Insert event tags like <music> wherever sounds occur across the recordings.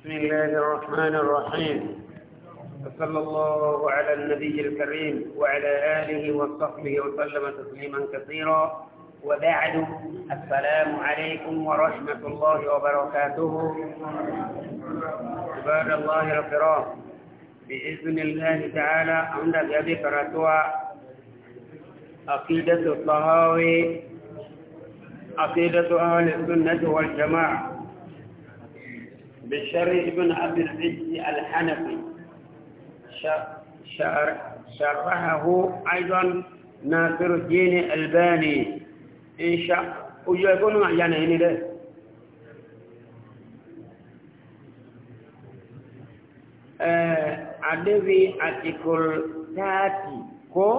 بسم الله الرحمن الرحيم وصلى الله على النبي الكريم وعلى آله وصحبه وسلم تسليما كثيرا وبعد السلام عليكم ورحمة الله وبركاته عباد الله الكرام بإذن الله تعالى عند ذلك رتوى عقيدة الطهاوي عقيدة أهل السنة والجماعة بشري بن عبد العزيز الحنفي شرحه أيضا ناصر الدين الباني إن شاء ويكون معيانا هنا له adebi article 30 ko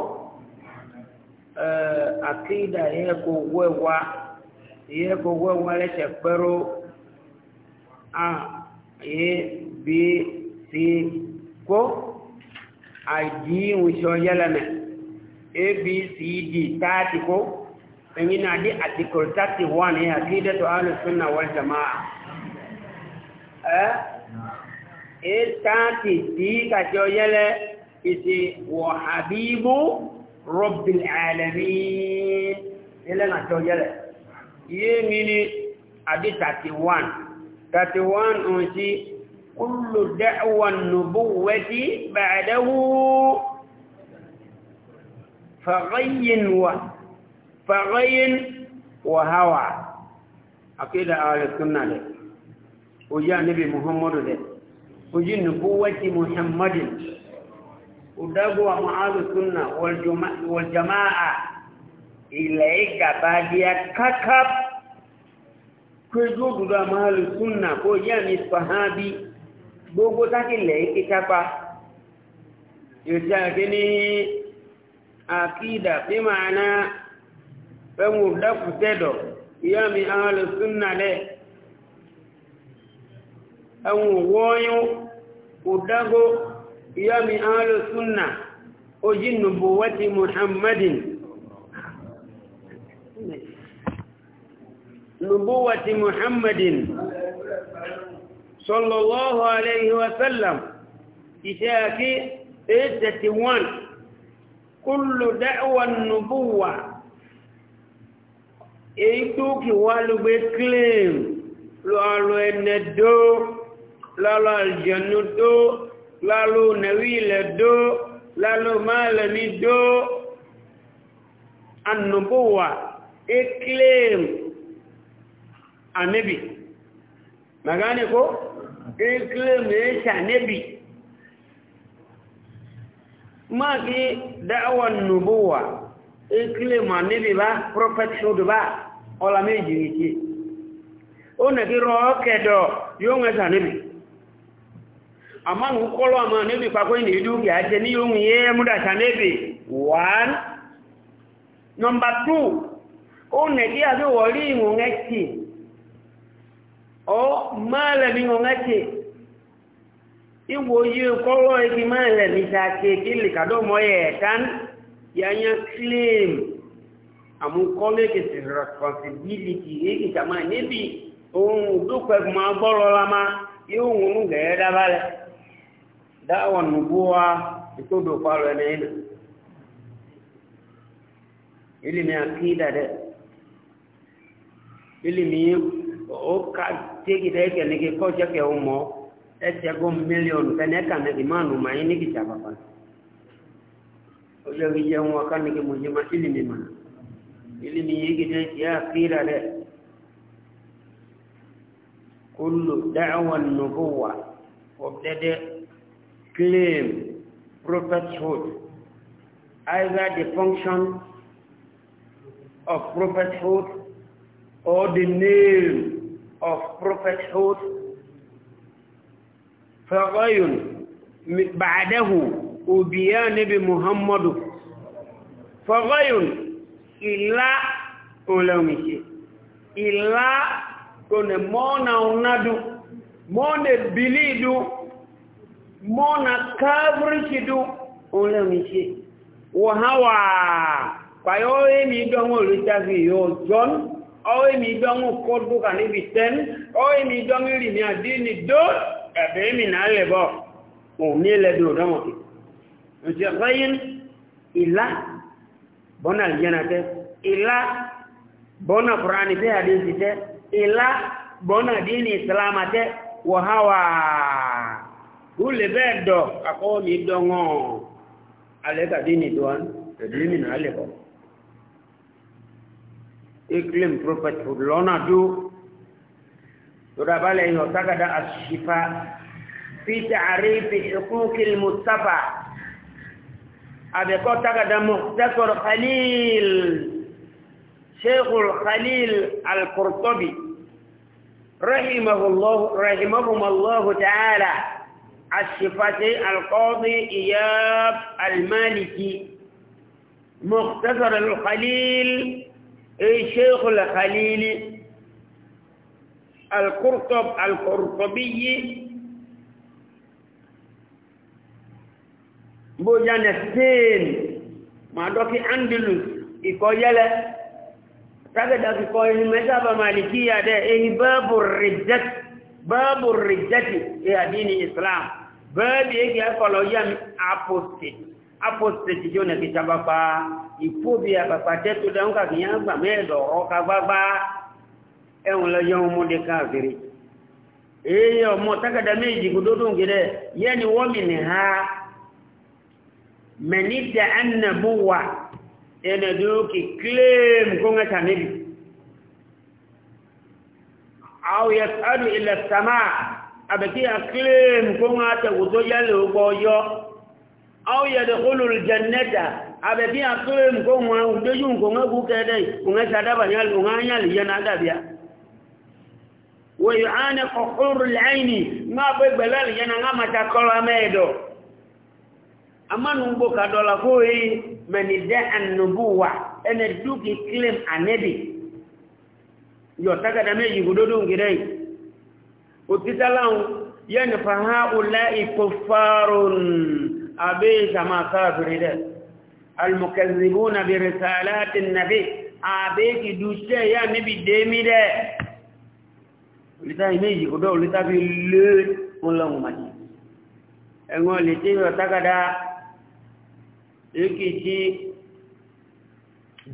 akida yeye kuwewa iye gbogbo ẹ̀wọ̀lẹ́sẹ̀ pẹ́rọ a e b c kó àjí ìwòsàn ọjọ́lẹ̀mẹ̀ a b c d táàtì kó ẹ̀yìn náà dé àtìkọ̀rọ̀ táàtì wà ní àkídẹ́tọ̀ alùsùn náà wọ́n jama ẹ́ e táàtì tí kàtí ọjọ́lẹ̀ ìsì wọ̀ habibu rọ́bìl àlẹ́rí ilẹ̀ nàtí ọjọ́lẹ̀ yémi ni àbí 31 31 òun sí kúlù da'wan nubuwati ba'dahu faghayin wa faghayin wa hawa akida ahli sunna le oji anabi muhammadu le oji nubuwati muhammadin udagu wa ma'adu sunna wal jama'a ilaika badia kakab kwezo duda mahali sunna ko ya ni sahabi bogo taki laiki ní yutakini akida bi maana fengu dafu tedo ya mi ahli sunna le anwu woyo udago ya mi muhammadin نبوة محمد صلى الله عليه وسلم إشاكي 81 كل دعوة النبوة إيتوكي والو بكليم لالو الندو لالو الجنودو لالو نويل دو لالو مالمي دو النبوة إكليم annabi magane ko ikilme shi ma ki da'awan nubuwa ikilme annabi ba prophethood ba ọla méjì nìkí ó nẹ̀kí rọ kẹdọ̀ yóò ń ẹ̀sà níbi àmánu kọ́lọ̀ àmà níbi pàkó ìní ìdúkì àjẹ́ ní yóò ń yé múdàṣà níbi 1 nọmbà 2 ó nẹ̀kí àjọwọ̀ rí ìwọ̀n ẹ̀kì ọ malami ongache iwo ye kolo eki malami ta ke kili kado moye tan yanya claim amu kole responsibility eki kama nebi ohun dupe ma bolo lama ihun ilimi oka tegi da yake niki ko jake umo ete go million kaneka na imanu mai niki chapa pa oje gije unwa kan niki mujima ilimi ma ilimi yiki de ya kira de kullu da'wa an-nubuwa obdede claim prophethood either the function of prophethood or the name of prophethood فغيٌ بعده أبيان بمحمد فغيٌ إلا أولومشي إلا كن مونا ونادو مونا بليدو مونا كابرشدو أولومشي وهوا kwa yoye ni domo lutafi yo John owe mi dongo kodbo kani biten owe mi dongi li mi adini do ebe mi na le bo o mi le do domo ki nti ghayin ila bona aljana te ila bona qur'ani te hadithi te ila bona dini islam te wa hawa ule bedo akomi aleka dini doan ebe mi na claim prophethood lọ́nà tó tọ́dá balẹ̀ yìí ọ̀tàgàdá àṣìfà fi tààrí fi ìkún kìlì mustapha àbẹ̀kọ́ tàgàdá mukhtasar khalil sheikhul khalil al-qurtubi rahimahum allahu ta'ala الشفاة القاضي إياب المالكي مختصر الخليل الشيخ الخليل القرطب القرطبي بوجان السين ما دوكي أندلس يلا كذا في كوين مذهب مالكية ده إيه باب الرجة باب الرجة في دين الإسلام باب يجي أقول يوم أبوستيت apostate jo na kitaba pa ifobia papa tetu da unka kinyamba medo roka baba ehun lo yo mu de kafiri eyo mo taka da meji gudodo ngire yani wamin ha manita annabuwa ene duki claim kunga tanibi au yasadu ila sama abaki claim kunga ta gudoya lo boyo aw yadkhulul jannata abati atule mko mwa udeju mko ngagu kede ungesa daba nyal unganya liyana dabia wa yu'ana qurul aini ma be belal yana ngama takola medo amanu mbo kadola koi manida an ene duki claim anebi yotaka dame yugudodo ngirei utitalaun yani fa haula kuffarun أبيش ما كافر إليه المكذبون برسالات النبي أبيك دوشة يا نبي ديمي ده لتاي ميجي كدو لتاي في الليل والله ما جي أقول لتاي وتكدا إيكي تي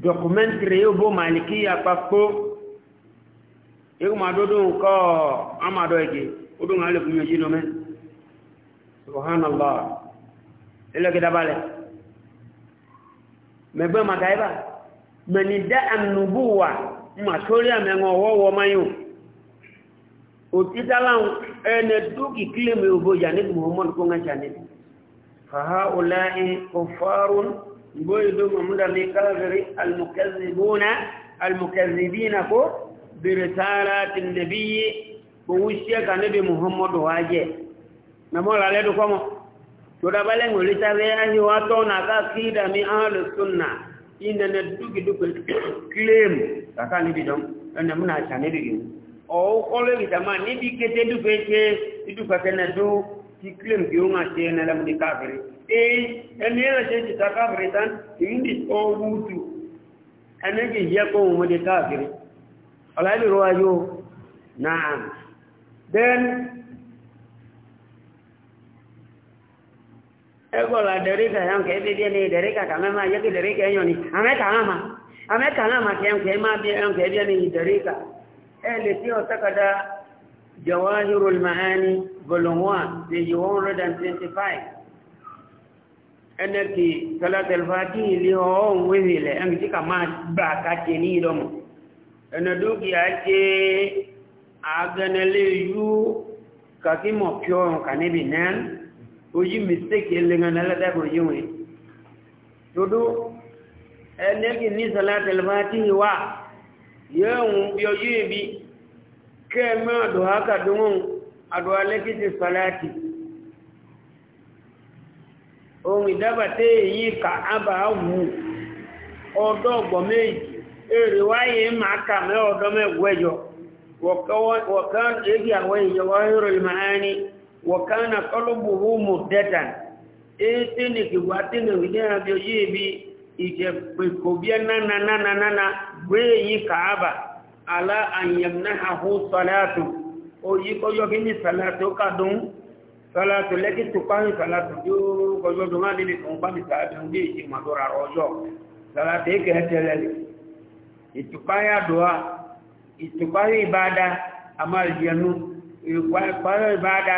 documentary bo malikiya papo yóò máa dúdú nǹkan àmàdọ́ ẹgbẹ̀ ó dùn án lè fún yóò jí lọ mẹ́ ṣùgbọ́n hàn náà ilo kita bale mebe makaiba menida annubuwa matori amengo wowo mayu utitala ene duki kilime uboja ni muhammad ko nganja ni fa haula'i kuffarun boydu mumda likafiri almukazzibuna almukazzibina ko birisalati nabiyyi kuwishia kanabi muhammad tudabaleng ulitabe ani watona ka kida mi ahlus sunna inda na duki duki <coughs> claim kaka ni bidon na muna chane bigi o kole bitama ni bi oh, kete duki ke du ka kana du ti claim bi unga che na la mudi kafiri e ene na che ti kafiri tan indi o mutu ene ge ya ko mudi kafiri ala ni oh, roayo na'am then ẹgbọ́la dẹ̀ríkà yàn kẹ́ dédé ní dẹ̀ríkà kàmẹ́ máa yẹ́kì dẹ̀ríkà ẹ̀yàn ni àmẹ́kàlámà àmẹ́kàlámà kẹ́ǹkẹ́ máa bí ẹ̀ǹkẹ́ dédé ní dẹ̀ríkà ẹ lè tí ọ sákàdá jawahirul ma'ani volume 1 page 125 ẹnẹ́kì kalatalfati ilé ọ̀hún wéhìlẹ̀ ẹ̀ǹkì tí kà máa gbà kàtẹ ní ìdọ́mù ẹnẹ́ dúkìá ṣe agẹnẹlẹ́ yú kàkímọ̀ pure kàníbì náà oyi mistake elenga na la dako yiwe dodo enegi ni salatul fatihi wa yewu yo yibi kema do haka dungun adwale kiti salati ohun idabate yi ka aba wu odo gbo meji ere waye ma ka me odo me gwejo wa kan egi awe yo wa hiro al maani وكان قلبه مدة إيتني كواتنا وجهنا بيجيبي إيجابكوبيا نانا نانا نانا بيجي كعبة على أن يمنحه صلاته ويكو يبني صلاته كدوم salatu lẹ́kí tukpahi salatu dúró kọjọ́ dùnmá níbi tó ń bá mi sàábẹ̀ ń bí ìṣe màdúrà ọjọ́ salatu èkè ẹ̀tẹ̀lẹ̀ lè ìtukpahi àdúrà ìtukpahi ìbáadá àmàlìyànú ìtukpahi ìbáadá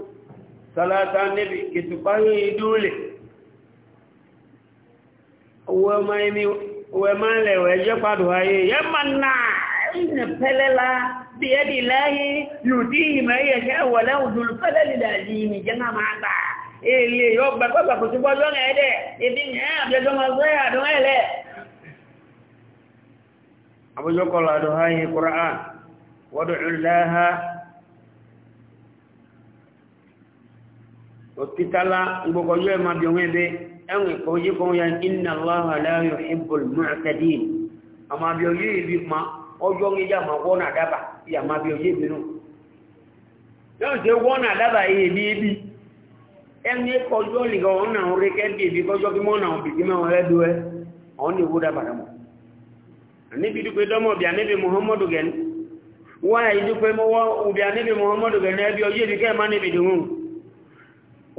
salata nabi kitupahi idule wemale weje padu haye yamanna inna pelela biyadi lahi yutihi ma yasha wa lahu dhul fadli lazim jana maata ele yo baba baba kutubo lo ngede ibi e ne abjo mazwe adu ele abu yokola do haye qur'an wad'u allaha hospitala ngoko yue mabiongebe enwe koji ko ya inna allaha la yuhibbul mu'tadin ama bioyi bi ma ojo ngi ja ma wona daba ya ma bioyi bi no yo je wona daba e bi bi enwe kojo li go na ore ke bi bi kojo ki mo na bi ki ma wala duwe on ni wuda ba mo ni bi du ko do mo bi anabi muhammadu gen wa idu muhammadu gen e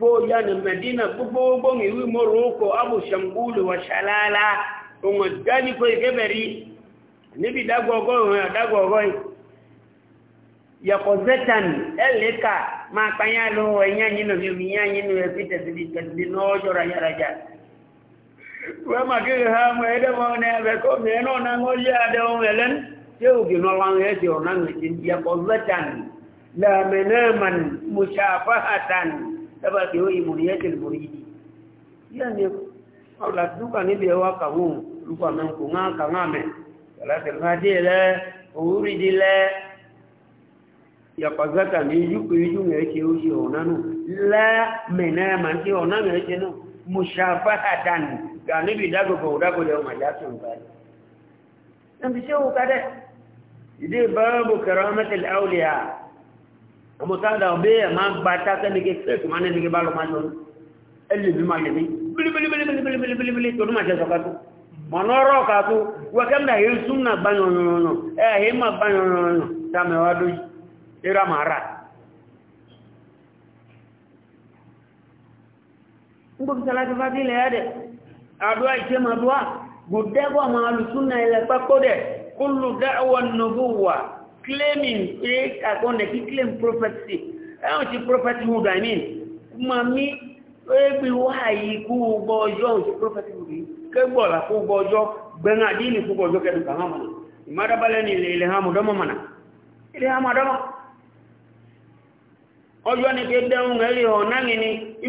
ko yana medina gbogbo gbogbo iwi morocco abu shambulu wa shalala ohun gani ko ikeberi e níbi dágbọ́gọ́ ìrìn àdágbọ́gọ́ yàkọ̀ zetan ẹlẹ́ka máa pàyà lọ ẹ̀yà nínú ìrìnyà nínú ẹ̀fí tẹ̀sìlì tẹ̀sìlì náà jọra yàrájà wọ́n máa kéré ha mọ̀ ẹ́dẹ́mọ̀ ní ẹ̀bẹ̀kọ́ mìíràn náà ń yé adẹ́hùn ẹ̀lẹ́n tí ó gìnà láwọn ẹ̀sẹ̀ ọ̀nà nìyẹn yàkọ̀ zetan làmẹ́nẹ́màn mùsàfáhàtàn ẹbá tí ó ìmò yẹ́jẹ̀ lórí yìí yẹ́ ni ọ̀làdúkà níbi ẹwà kàwọn olùkọ́ àmì kò ń kàwọn àmì ẹ̀lẹ́tẹ̀lẹ́dẹ́ rẹ òwúrí di lẹ yàpàgbẹ́ta ní yúkú yíjú rẹ̀ ṣe ó ṣe ọ̀nà nù lẹ́mìnira mà ń ṣe ọ̀nà rẹ̀ ṣe nù mo ṣàfà àdánù gà níbi ìdágbòkò òdágbòlẹ̀ ọmọ ìyá tó ń bá yìí. ẹnbí ìdí ìbára kẹrọ mọ̀tàdà ọ̀bẹ́ ẹ̀ máa gba tákẹ́lẹ́gẹ́ fẹ́ẹ̀tù máa nẹ́lẹ́gẹ́ bá lọ máa lọ ẹlẹ́bí máa lẹ́bí bílíbílíbílíbílíbílíbílí tó máa jẹ́sọ kàtó mọ̀nọ́rọ̀ kàtó wẹ́kẹ́mìnà yìí súnmà báyọ̀nyọ̀nyọ̀ ẹ̀hìn máa báyọ̀nyọ̀nyọ̀ sàmẹ̀wá lóyìí eré àmàrà ngbọ́kísàlájú bá dé ilẹ̀ ẹ̀dẹ̀ àdúrà ìṣẹ́ máa dúà gùdẹ́gbọ́ àwọn alùsúnà ilẹ̀ pẹ́kọ́ dẹ̀ kúlù dáwọ́ nùbúwà claiming pé àgbọn dẹ̀ kí claim prophecy ẹ̀wọ̀n ti prophethood i mean ma mi ẹgbẹ̀ wá yìí kú gbọ́ ọjọ́ òun ti prophethood yìí kẹgbọ̀lá kú gbọ́ ọjọ́ gbẹ̀rún àdínì kú gbọ́ ọjọ́ kẹdùn kà hàn mọ̀nà ni ilẹ̀ hàn mọ̀dọ́mọ̀ mọ̀nà ilẹ̀ hàn ni pé dẹ́hùn ẹ̀rí ọ̀nà ni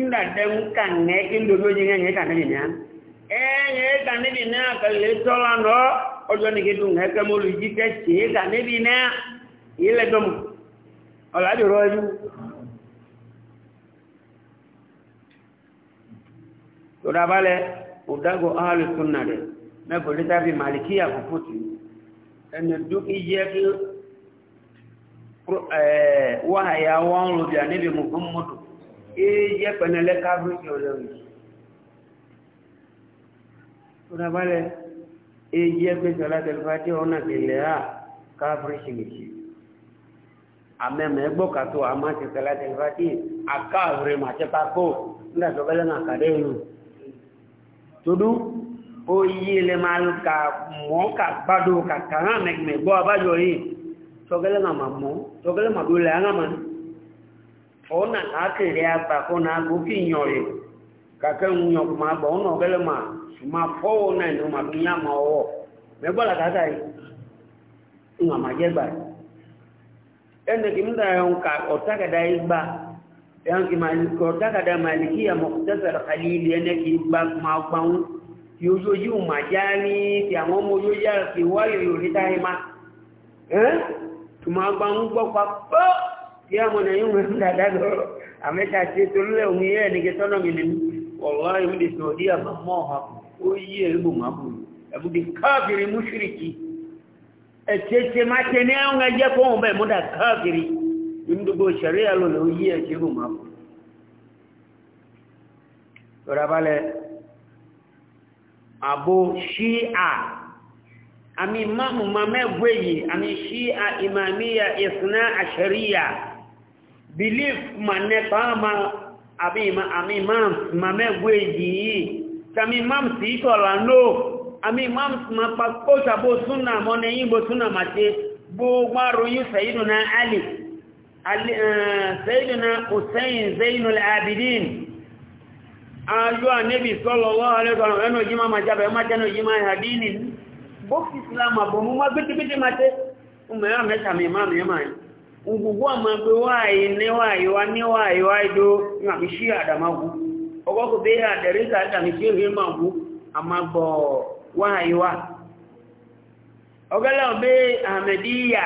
ńdà dẹ́hùn kà ń ẹ́ kí ń dojú ẹ̀yẹ kà ọjọ́ ní kẹdùn ẹ̀kẹ́ mọ́ lù jí kẹ́sì ẹ̀kà níbi náà ilẹ̀ dọ́mù ọ̀làdìrọ̀ ẹ̀dù tó dábálẹ̀ òdágọ̀ ahàlùsùn náà rẹ̀ mẹ́kọ̀ọ́ lítàbí màlìkíyà kò fòtù ẹni dúkì jẹ́ kí wáhàyà wọn lò bí àníbi muhammadu ìyẹ́ dábálẹ̀ eji egbe salat al-fati ona kelea kafri shimichi ameme egbo kato amati salat al-fati akavre mache kako nda sobele na kadenu tudu o yile mal ka mo ka bado ka kana me me bo abajo yi sogele na mamo sogele mabule anga man ona akere apa kake ŋunyɔ kuma gbɔ wonɔ ge le ma ma fɔwo na ne ma fi nyama wɔwɔ mɛ gbɔ la kaka yi ŋa ma dze gba ene kimi da yɔ ka ɔta ka da yi gba yɔn ki ma ka ɔta ka da ma li ki yamɔ tɛsɛ la kali li ene ki gba ma gba ŋu yozo yi o ma dza ni ti àwọn mo yo ya ki wa yoyo li ta yi ma ɛn tuma gba ŋu gbɔ kpa kpɔ ti yamɔ na yi ŋu da da do ameta tse tolu le ŋu yɛ wallahi mdisnodia mamoha oyiye ebu mabudu ebu dikafiri mushriki echeche eh, mateneo oh, ngaje kombe muda kafiri imdugo sharia lolo oyiye ebu mabudu tora vale abo shia ami mamu mamegweyi ami shia imamia isna asharia belief manepama àbí àmì imam ma mẹ́gbé yìí sàmì imam sí ìṣọ̀lá ló àmì imam ma pàkó sàbó súnà mọ́nà yìnbó súnà màtí gbogbo aróyún sẹ́yìnà alì sẹ́yìnà hussein zainu al-abidin ayọ́ anẹ́bì sọ́lọ́wọ́ alẹ́gbọ̀n ẹnu jímá ma jábẹ̀ má jẹ́nu jímá ìhàdínì bókì islam àbòmú wá gbẹ́gbẹ́gbẹ́ ngugbo amagbe wayi ne wayi wa ne wayi wayi do na mishi adamagu ogo ko be ya dere ka da mishi he magu amagbo wayi wa ogala be ahmediya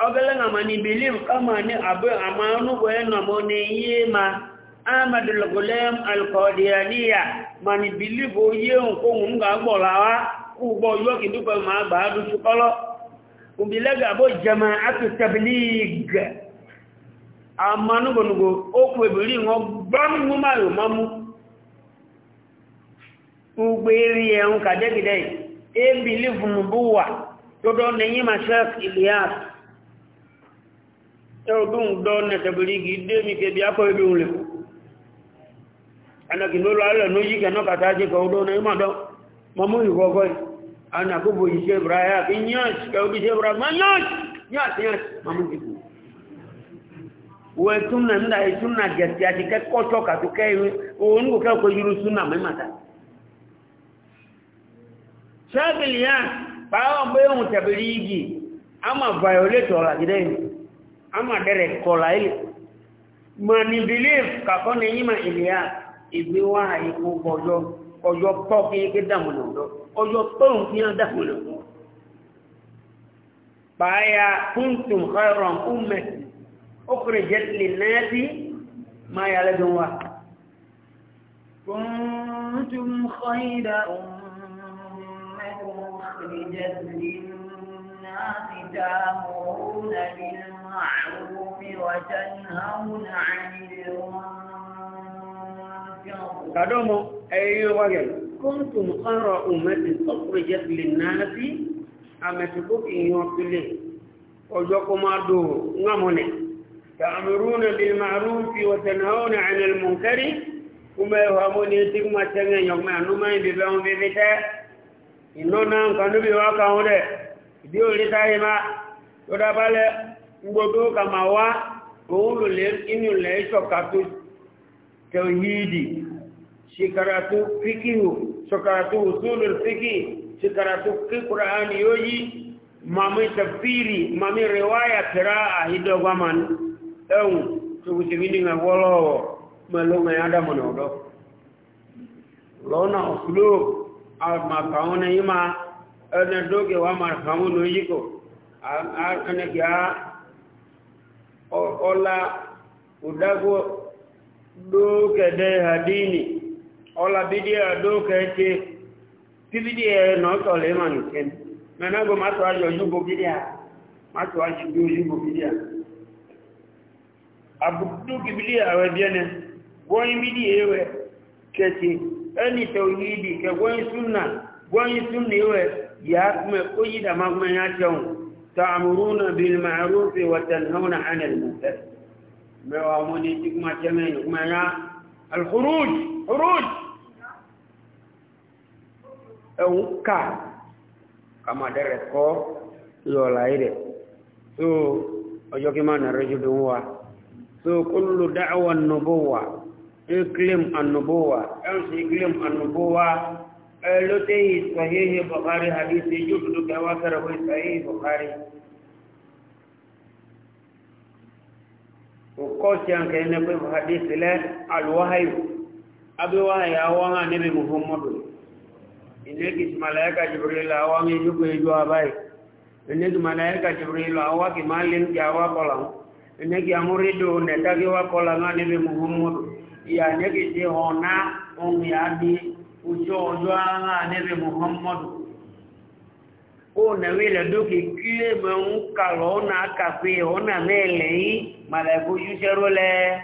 ogala na mani believe kama ni abu amanu ko eno mo ne yema ahmad al-gulam al-qadiyaniya mani believe o ye nko mun ga gbola wa ugbo yo kidupe ma agba du sukolo umbilaga bo jama'atu tabligh amanu gonugo oku ebiri won gbam mamu ugberi e un kadegide e believe mbuwa to don nyi ma chef Ilyas to dun don ne tabligh de mi ke bi ako ebi un le ana kinolo ala no kana kata je ko do ma do mamu yi gogo ana kubu ise braya kinyas kau ise braya na nyas nyas mamun tipu we tunna nda tunna gesti atike kochoka tukai ungu kwa kwa yuru sunna memata shabil ya pao mbeo mtabiligi ama violator la gideni ama direct kola ile mani believe kakone nyima ilia ibiwa haikubojo ọjọ́ tọ́ kí ń ké dàmù nà ọ̀dọ́ ọjọ́ tọ́rùn kí ní dàmù nà ọ̀dọ́ báyà kúntùm ọ̀rọ̀m ọmọdé kúrò jẹ́ lè náà sí máa yà lẹ́dùn wa كنتم خير أمة أخرجت للناس تأمرون بالمعروف وتنهون عن المنكر kadomo ayi wage kuntum khara ummati ukhrijat lin-nasi amatubu yokile ojo ko ma do ngamone ta'muruna bil ma'ruf wa tanhauna 'anil munkar kuma yawamuni tigma tanga yoma anuma bi bawo bi bita inona kanu bi waka dio litai ma ngodo kama wa oulu le inu le tauhidi shi karatu fikihu shi karatu usulul fiki shi karatu qur'ani yoyi mami tafsiri mami riwaya kiraa hidogo man ɗan tukutigini nga wolowo malunga yada monodo lona uslub al makauna ima ana doge wa marhamu no yiko ana ya ola udago dókè dé hadini ọlá bídí ẹ̀ dókè ṣe tí bídí ẹ̀ náà tọ̀lẹ̀ mà nìkẹ́ mẹ́nàgbọ́ má tó ayọ̀ yúbo bídí à má tó ayọ̀ yúbo bídí à àbùdókè bídí àwẹ̀ bí ẹnẹ wọ́n yí bídí ẹ̀wẹ̀ kẹ̀kẹ́ ẹni tẹ̀ òyìn ìdì kẹ̀ wọ́n yí súnà mẹ́wàá mọ́ ní tí kuma tẹ́ mẹ́rin kuma ya alhuruj huruj ẹ̀hún ká kàmàdé rẹ̀ kọ́ yọ̀ọ̀lá yìí rẹ̀ so ọjọ́ kí máa nàrẹ́ jù dùn wa so kúlù dáwà nùbọ̀wà iklim annubuwa ẹ̀rùn sí iklim annubuwa ukosi ankaene kwa hadithi le alwahi abiwahi awanga nabi muhammad ineki malaika jibril awangi yuko yujua bai ineki malaika jibril awaki malin jawa kolam ineki amuridu netaki wa kolanga nabi muhammad ya neki jihona umi adi ucho ujua nabi muhammad una vile duki kie meunka lona akafi ona mele yi malaku yuserole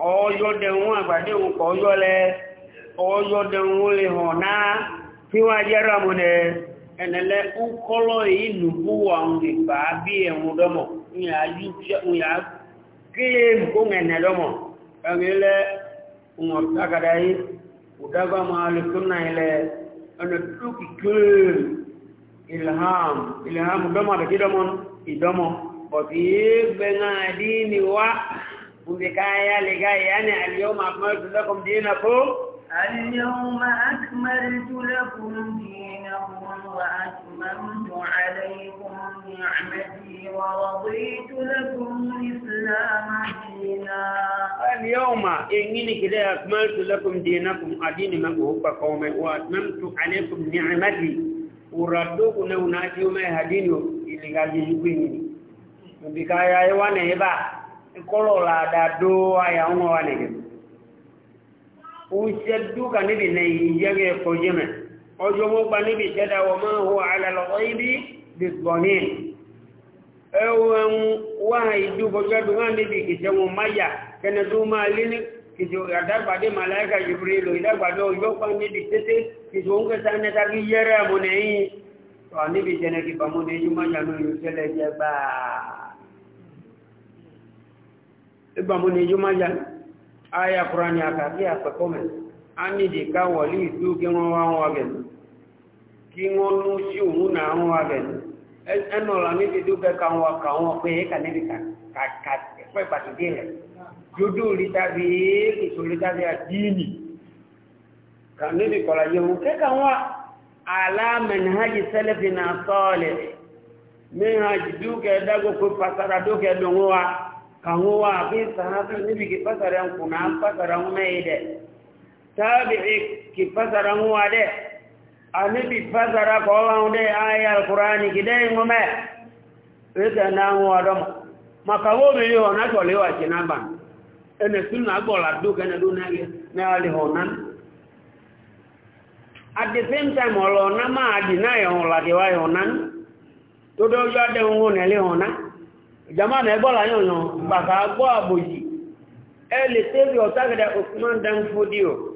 oyo de won agbade won ko yo le oyo de won le hona ti wa mune enele ukolo yi nubu wa ngi ba bi ehun domo ile ana duki الهام ilham dama da kidamon idamo وفي دين وبكايا لقايا يعني اليوم أكملت لكم دينكم اليوم أكملت لكم دينكم وأتممت عليكم نعمتي ورضيت لكم الإسلام دينا اليوم إنني كده أكملت لكم دينكم أدين مبهوبة قومي وأتممت عليكم نعمتي uraduku ne unajiume hadino iligajijigwini mbikaya ewane eba ikolola dado aya unwa wanege useduka nibi ne ijege kojeme ojo mogba nibi teda wa ma huwa ala al-ghaibi bizbonin ewen wa idu bojo dunga nibi kisemu maya kene duma lini kìjò àdágbàdé màláìkà ìbúrélò ìdágbàdé ọjọ́ pa níbi tẹ́tẹ́ kìjò ń kẹta nẹta kí yẹ́rẹ́ àmúnẹ̀ yìí tọ́ níbi jẹ́nẹ̀ kí bàmúnẹ̀ yìí máa yàmú ìlú tẹ́lẹ̀ jẹ́ gbáà bàmúnẹ̀ yìí máa yàmú ayà kúránì àkàkí àpẹkọ́mẹ̀ á nídìí ká wọ̀lú ìdú kí wọ́n ẹnu ọ̀la níbi dúpẹ́ káwọn wa káwọn pé éka níbi kàkà ẹ̀fọ́ ìpàtìdé rẹ̀ dúdú lítà bí èso lítà bí àdínì kà níbi kọ̀la yẹ̀wò kéka wọn alámẹ̀nìhàjì sẹ́lẹ̀fì náà sọ́ọ̀lẹ̀ mìíràn dúkẹ́ dágókò pàtàkì dúkẹ́ dùn wa káwọn wa bí sàhábì níbi kì pàtàkì ń pàtàkì ń mẹ́yì dẹ̀ tábìlì kì pàtàkì ń wa dẹ̀ anibi fasara kowan de aya alqurani gidai ngome ita nangu adam makawo mili ona tolewa ban. ene sunna gola du kana du nage na ali honan at the same time olo na ma adina yo la de wa honan to do yo de ngu ne le honan jama na gola yo yo baka gbo aboji ele o tebi otagada usman dan fodio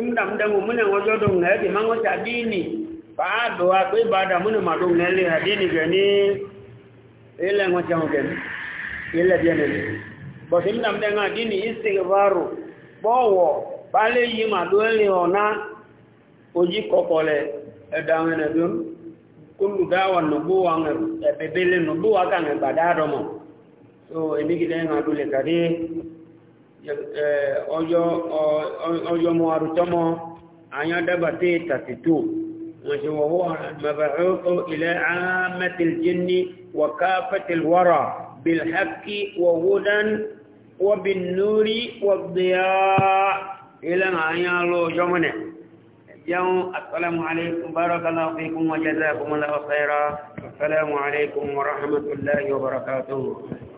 mda mda mune ngojo dong na di mango cha dini bado ko ibada mune madong na le dini gani ile ngoja ngogen ile dia ni. bo simna mda nga dini istighfaru bowo pale yi madole ona oji kokole edawe na dun kullu dawa nubuwa ngar bebele nubuwa kan badaro mo so enigi denga dule kadi ọjọ́ mọ́ àrùtọ́mọ́ àyándẹ́bàtí tàtìtò wọ́n ṣe wọ́n wọ́n mẹ́bàáwọ́ ilẹ̀ àmẹ́tìlìjínní wàkáfẹ́tìlwọ́rà bilhaki wọ̀wọ́dán wọ́bìnnúrí wọ́bìyà ilẹ̀ àyánlọ́ ọjọ́ mọ́nẹ̀ يوم السلام عليكم بارك الله فيكم وجزاكم الله خيرا السلام عليكم ورحمة الله وبركاته